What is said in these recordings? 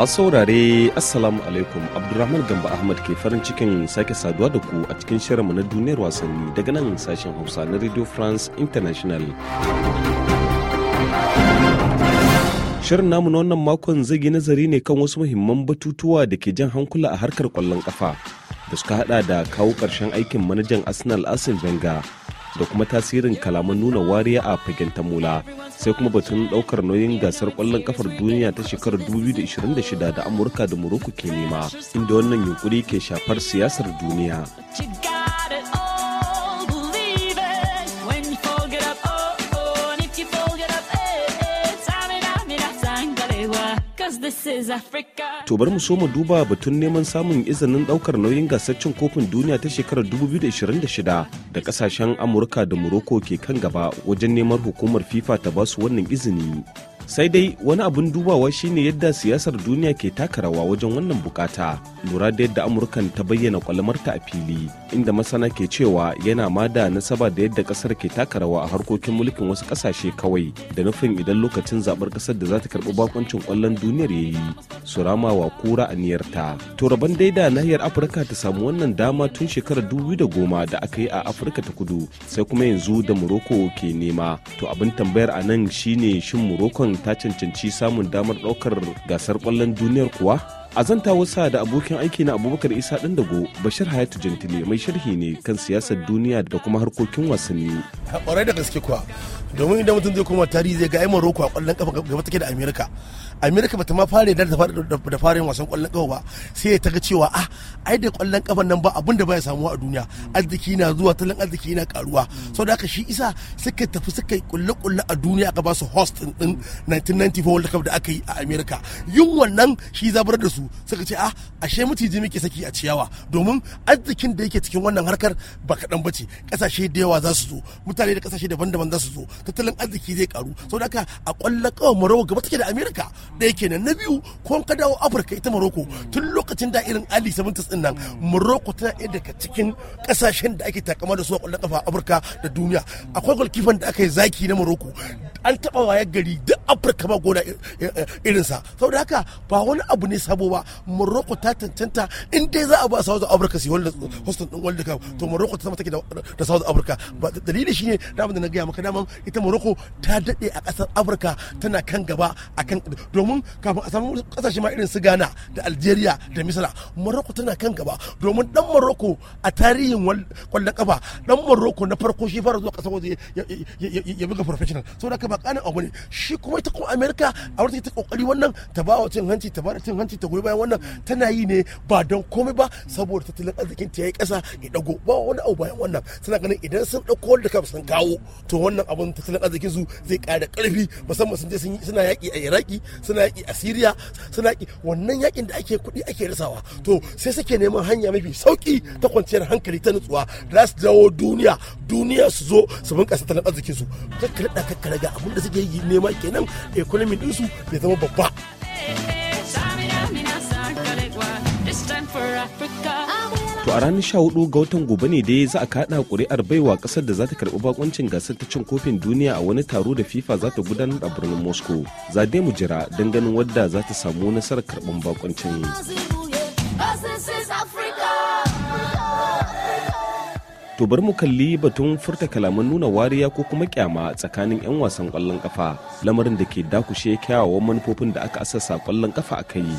masu saurare assalamu alaikum abdulrahman gamba ahmad ke farin cikin sake saduwa da ku a cikin shirinmu na duniyar wasanni daga nan sashen hausa na radio france international shirin namu na wannan makon zai yi nazari ne kan wasu muhimman batutuwa da ke jan hankula a harkar kwallon kafa da suka hada da kawo karshen aikin manajan arsenal arsene wenger da kuma tasirin kalaman nuna wariya a fagen tamula sai kuma batun daukar nauyin gasar kwallon kafar duniya ta shekarar 2026 da amurka da morocco ke nema inda wannan yunkuri ke shafar siyasar duniya To bari mu so mu duba batun neman samun izinin daukar nauyin gasar kofin duniya ta shekarar 2026 da kasashen Amurka da Morocco ke kan gaba wajen neman hukumar FIFA ta basu wannan izini. sai dai wani abin dubawa shine yadda siyasar duniya ke taka rawa wajen wannan bukata lura da yadda amurkan ta bayyana kwalmarta a fili inda masana ke cewa yana ma da nasaba da yadda kasar ke taka rawa a harkokin mulkin wasu kasashe kawai da nufin idan lokacin zabar kasar da za ta karbi bakoncin kwallon duniyar ya yi su rama wa kura aniyarta to rabon daida nahiyar afirka ta samu wannan dama tun shekarar dubu da goma da aka yi a afirka ta kudu sai kuma yanzu da morocco ke nema to abin tambayar a nan shine shin morocco ta cancanci samun damar ɗaukar gasar ƙwallon duniyar kuwa? A ta wasa da abokin aiki na Abubakar Isa ɗan dago Bashir Hayatu Jantile mai sharhi ne kan siyasar duniya da kuma harkokin wasanni. Ƙwarai da gaske kuwa domin idan mutum zai koma tarihi zai ga ai Morocco a kwallon kafa gaba take da America America bata ma fare da da farin wasan kwallon kafa ba sai ta ga cewa ah ai da kwallon kafan nan ba abinda da baya samuwa a duniya arziki na zuwa talan arziki na karuwa saboda haka shi isa suka tafi suka kulle kulle a duniya aka ba su host din 1994 World Cup da aka yi a America yin wannan shi zabar da su suka ce ah ashe mutiji muke saki a ciyawa domin arzikin da yake cikin wannan harkar ba kaɗan bace kasashe da yawa za su zo mutane da kasashe daban-daban za su zo tattalin arziki zai karu saboda haka a kwalla kawai Maroko gaba take da America da yake nan na biyu ko ka dawo Afirka ita Maroko tun lokacin da irin Ali 70 din nan maroko tana ɗaya daga cikin kasashen da ake takama da su a kwallon kafa Afirka da duniya akwai golkifan da aka yi zaki na Maroko an taba wayar gari duk Afirka ba gona irinsa saboda haka ba wani abu ne sabo ba Maroko ta tantanta in dai za a ba South afirka su hostel din World Cup to maroko ta zama take da South Africa dalili shine da na gaya maka damar ita morocco ta daɗe a ƙasar afirka tana kan gaba a kan domin kafin a samu ƙasashe ma irin su ghana da algeria da misra morocco tana kan gaba domin dan morocco a tarihin kwallon kafa dan morocco na farko shi fara zuwa ƙasar waje ya buga professional saboda ka ba ƙanin abu ne shi kuma ita kuma america a wurin ta kokari wannan ta ba wa cin hanci ta ba da cin hanci ta goyi bayan wannan tana yi ne ba don komai ba saboda tattalin arzikin ta yayi ƙasa ya dago ba wani abu bayan wannan suna ganin idan sun dauko da kam sun kawo to wannan abun tattalin arzikin su zai ƙara ƙarfi musamman sun je suna yaki a iraki suna yaƙi a siriya suna yaƙi wannan yakin da ake kuɗi ake rasawa to sai suke neman hanya mafi sauki ta kwanciyar hankali ta nutsuwa da su jawo duniya duniya su zo su bunka tattalin arzikin su kakkare da kakkare ga abin da suke yi nema kenan economy su bai zama babba. Africa. To a ranar hudu ga watan gobe ne dai za a kaɗa kuri'ar baiwa kasar da za ta karɓi bakoncin gasar ta cin kofin duniya a wani taro da FIFA za ta gudanar a birnin Moscow. Za dai mu jira don ganin wadda za ta samu nasarar karɓar bakoncin. To bari mu kalli batun furta kalaman nuna wariya ko kuma kyama tsakanin 'yan wasan kwallon kafa lamarin da ke dakushe kyawawan manufofin da aka asasa kwallon kafa a kai.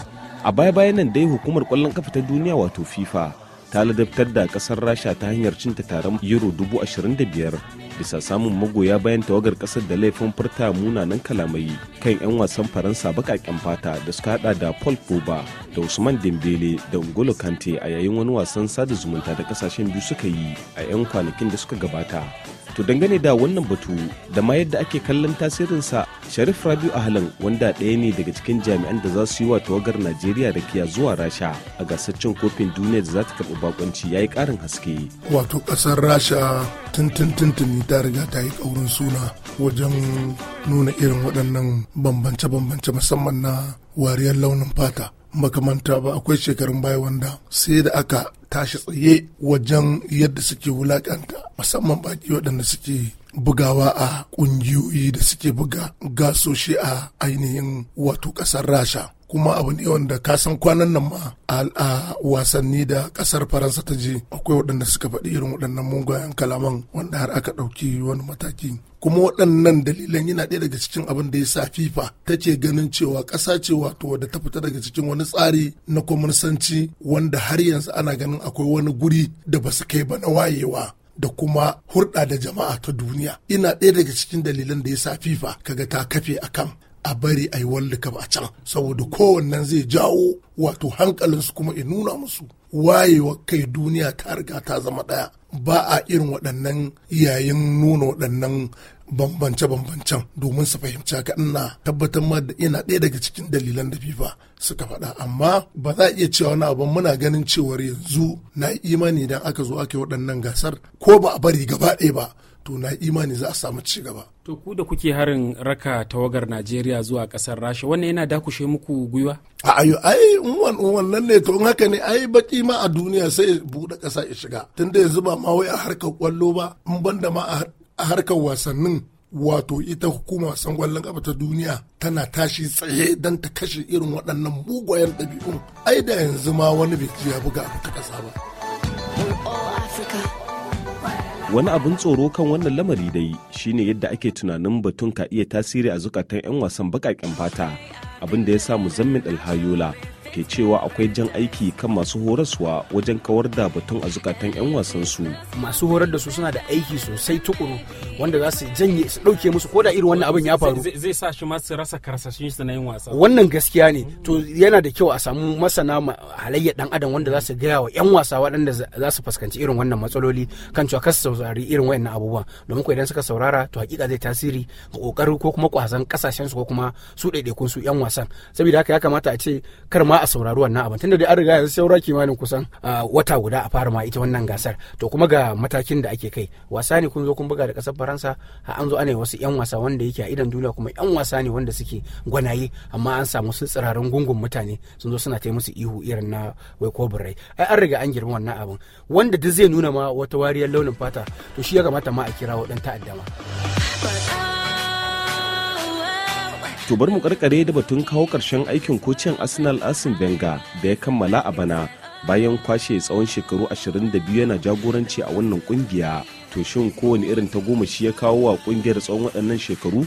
A baya-bayan nan dai hukumar kwallon kafa ta duniya wato FIFA ta ladabtar da kasar rasha ta hanyar cinta taron euro 25,000 bisa samun magoya bayan tawagar kasar da laifin furta munanan kalamai kan 'yan wasan faransa bakaken fata da suka hada da paul pogba da usman dembele da ngolo kante a yayin wani wasan sada zumunta da kasashen biyu suka yi a 'yan kwanakin da suka gabata To dangane da wannan batu da ma yadda ake kallon tasirinsa Sharif Rabiu Ahlan wanda ɗaya ne daga cikin jami'an da za su yi wa tawagar Najeriya da kiya zuwa Rasha a gasar cin kofin duniya da za ta karɓi bakonci ya yi ƙarin haske. Wato ƙasar Rasha tuntun tuntun ta riga ta yi ƙaurin suna wajen nuna irin waɗannan bambance-bambance musamman na wariyar launin fata. makamanta ba akwai shekarun baya wanda sai da aka tashi tsaye wajen yadda suke wulaƙanta musamman baki waɗanda suke bugawa a ƙungiyoyi da suke buga gasoshi a ainihin wato ƙasar rasha kuma abu ne wanda ka san kwanan nan ma a wasanni da ƙasar faransa ta je akwai waɗanda suka faɗi irin waɗannan mugayen kalaman wanda har aka ɗauki wani mataki kuma waɗannan dalilan yana ɗaya daga cikin abin da ya sa fifa ta take ganin cewa ƙasa ce wato wadda ta fita daga cikin wani tsari na kwamansanci wanda har yanzu ana ganin akwai wani guri da ba su kai ba na wayewa da kuma hurɗa da jama'a ta duniya ina ɗaya daga cikin dalilan da ya sa fifa kaga ta kafe a kan a bari a yi World Cup a can saboda kowannen zai jawo wato hankalinsu kuma in nuna musu wayewa kai duniya ta riga ta zama ɗaya ba a irin waɗannan yayin nuna waɗannan bambance-bambancen domin su fahimci haka ina tabbatar ma da yana ɗaya daga cikin dalilan da fifa suka faɗa amma ba za a iya cewa wani abin muna ganin cewar yanzu na imani idan aka zo ake waɗannan gasar ko ba a bari gaba ɗaya ba to na imani za a samu ci gaba. To ku da kuke harin raka tawagar Najeriya zuwa kasar Rasha wannan yana dakushe muku gwiwa? A ayo ai wannan ne to in haka ne ai baki ma a duniya sai buɗe ƙasa ya shiga. Tunda yanzu ba ma wai a harkar kwallo ba in banda ma a a harkar wasannin wato ita hukuma wasan kwallon kafa ta duniya tana tashi tsaye don ta kashe irin waɗannan mugayen ɗabi'un ai da yanzu ma wani bai ya buga abu ta ƙasa ba. Wani abin tsoro kan wannan lamari dai shine yadda ake tunanin batun ka iya tasiri a zukatan 'yan wasan baƙaƙen fata abin da ya sa muzammin alhayola ke cewa akwai jan aiki kan masu horaswa wajen kawar da batun a zukatan 'yan wasan su masu horar da su suna da aiki sosai tukuru wanda za su janye su dauke musu ko da irin wannan abin ya faru zai sa shi masu rasa karsashin su na yin wasa wannan gaskiya ne to yana da kyau a samu masana halayyar dan adam wanda za su gaya wa 'yan wasa waɗanda za su fuskanci irin wannan matsaloli kan cewa kasu su saurari irin wayannan abubuwan domin ko idan suka saurara to hakika zai tasiri ga kokarin ko kuma kwazan kasashen su ko kuma su ɗaiɗaikun su 'yan wasan saboda haka ya kamata a ce kar ma a saurari wannan abin tunda dai an riga yanzu saura kimanin kusan wata guda a fara ma ita wannan gasar to kuma ga matakin da ake kai wasa ne kun zo kun buga da kasar faransa har an zo ana wasu yan wasa wanda yake a idan duniya kuma yan wasa ne wanda suke gwanaye amma an samu su tsirarin gungun mutane sun zo suna taimu musu ihu irin na wai ko birrai ai an riga an girma wannan abin wanda duk zai nuna ma wata wariyar launin fata to shi ya kamata ma a kira wa dan ta'addama ma. to bari mu karkare da batun kawo karshen aikin kocin arsenal arsene benga da ya kammala a bana bayan kwashe tsawon shekaru 22 yana jagoranci a wannan kungiya to shin kowane irin ta goma shi ya kawo wa kungiyar tsawon waɗannan shekaru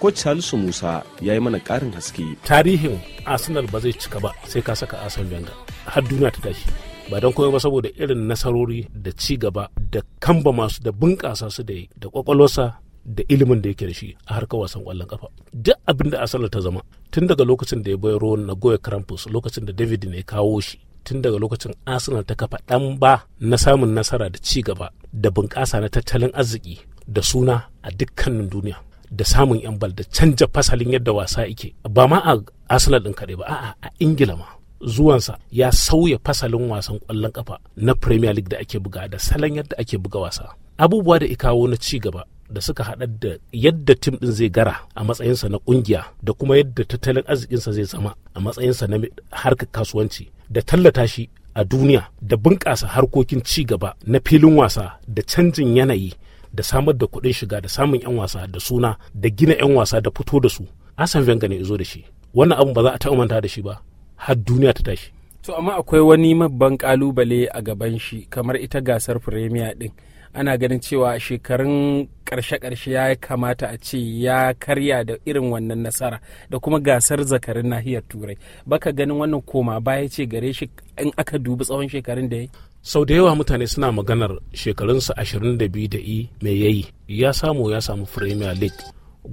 ko Salisu Musa ya yi mana ƙarin haske. Tarihin Arsenal ba zai cika ba sai ka saka Arsene Wenger har duniya ta tashi. Ba don komai ba saboda irin nasarori da ci gaba da kamba masu da bunƙasa su da da kwakwalwarsa da ilimin da yake da shi a harkar wasan kwallon kafa duk abin da asalar ta zama tun daga lokacin da ya bayar ruwan na goya krampus lokacin da david ne kawo shi tun daga lokacin arsenal ta kafa dan ba na samun nasara da ci gaba da bunƙasa na tattalin arziki da suna a dukkanin duniya da samun yan bal da canja fasalin yadda wasa yake ba ma a arsenal din kaɗai ba a'a a ingila ma zuwansa ya sauya fasalin wasan kwallon kafa na premier league da ake buga da salon yadda ake buga wasa abubuwa da ikawo na ci gaba da suka haɗa da yadda tim ɗin zai gara a matsayinsa na ƙungiya da kuma yadda tattalin arzikinsa zai zama a matsayinsa na harkar kasuwanci da tallata shi a duniya da bunƙasa harkokin ci gaba na filin wasa da canjin yanayi da samar da kuɗin shiga da samun 'yan wasa da suna da gina 'yan wasa da fito da su asan venga ne zo da shi wannan abu ba za a taɓa manta da shi ba har duniya ta tashi to amma akwai wani mabban kalubale a gaban shi kamar ita gasar premier din ana ganin cewa shekarun karshe-karshe ya kamata a ce ya karya da irin wannan nasara da kuma gasar zakarin nahiyar turai baka ganin wannan koma baya ce gare shi in aka dubi tsawon shekarun da ya sau da yawa mutane suna maganar shekarunsa 22 da i mai yayi ya samu ya samu premier league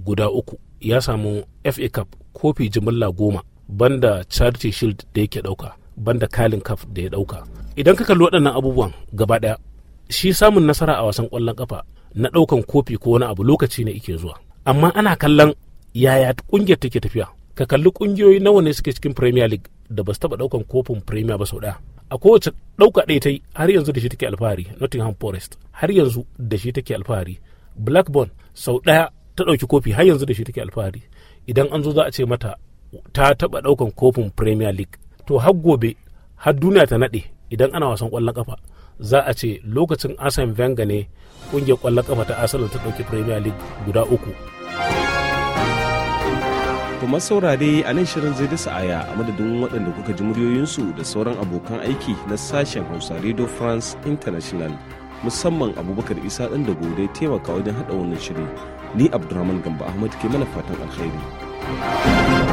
guda uku ya samu fa cup kofi jimilla goma banda charity shield da yake dauka banda kalin cup da ya dauka idan ka kalli waɗannan abubuwan gaba daya. shi samun nasara a wasan ƙwallon ƙafa na ɗaukan kofi ko wani abu lokaci ne ike zuwa amma ana kallon yaya ƙungiyar take tafiya ka kalli ƙungiyoyi nawa ne suke cikin premier league da ba su taɓa ɗaukan kofin premier ba sau ɗaya a kowace ɗauka ɗaya ta yi har yanzu da shi take alfahari nottingham forest har yanzu da shi take alfahari blackburn sau ɗaya ta ɗauki kofi har yanzu da shi take alfahari idan an zo za a ce mata ta taɓa ɗaukan kofin premier league to har gobe har duniya ta naɗe idan ana wasan ƙwallon ƙafa za a ce lokacin asan venga ne kungiyar kwallon kafa ta arsenal ta ɗauki premier league guda uku kuma saurare a nan shirin zai dasa aya a madadin waɗanda kuka ji muryoyinsu da sauran abokan aiki na sashen hausa radio france international musamman abubakar isa ɗan da gode taimaka wajen haɗa wannan shirin ni abdulrahman gamba ahmad ke mana fatan alkhairi